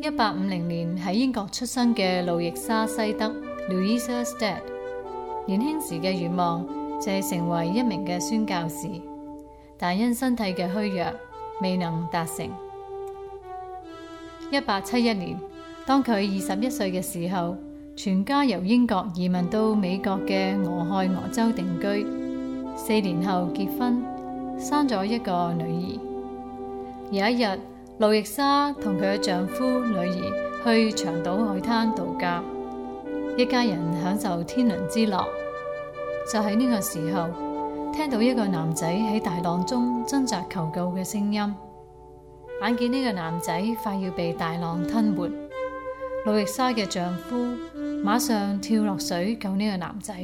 一八五零年喺英國出生嘅路易莎西德 （Louise s t e d 年輕時嘅願望就係成為一名嘅宣教士，但因身體嘅虛弱未能達成。一八七一年，當佢二十一歲嘅時候，全家由英國移民到美國嘅俄亥俄州定居。四年後結婚，生咗一個女兒。有一日，路易莎同佢嘅丈夫、女兒去長島海灘度假，一家人享受天倫之樂。就喺呢個時候，聽到一個男仔喺大浪中掙扎求救嘅聲音，眼見呢個男仔快要被大浪吞沒，路易莎嘅丈夫馬上跳落水救呢個男仔，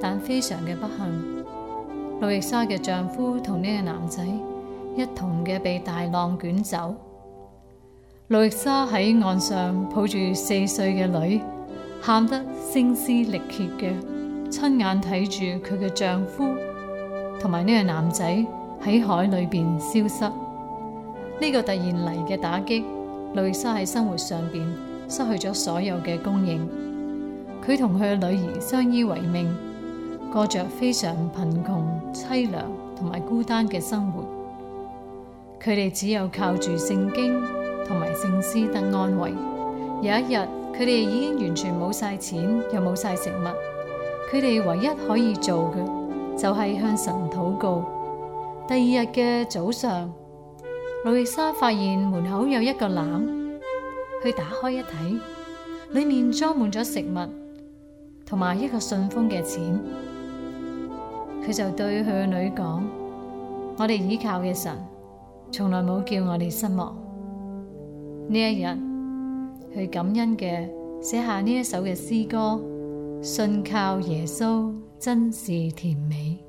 但非常嘅不幸，路易莎嘅丈夫同呢個男仔一同嘅被大浪捲走。路易莎喺岸上抱住四歲嘅女，喊得聲嘶力竭嘅，親眼睇住佢嘅丈夫同埋呢個男仔喺海裏邊消失。呢、這個突然嚟嘅打擊，路易莎喺生活上邊失去咗所有嘅供應。佢同佢嘅女兒相依為命，過着非常貧窮、淒涼同埋孤單嘅生活。佢哋只有靠住聖經同埋聖詩得安慰。有一日，佢哋已經完全冇晒錢，又冇晒食物。佢哋唯一可以做嘅就係、是、向神禱告。第二日嘅早上，路易莎發現門口有一個籃，佢打開一睇，裏面裝滿咗食物同埋一個信封嘅錢。佢就對佢嘅女講：我哋依靠嘅神。從來冇叫我哋失望。呢一日，佢感恩嘅寫下呢一首嘅詩歌，信靠耶穌真是甜美。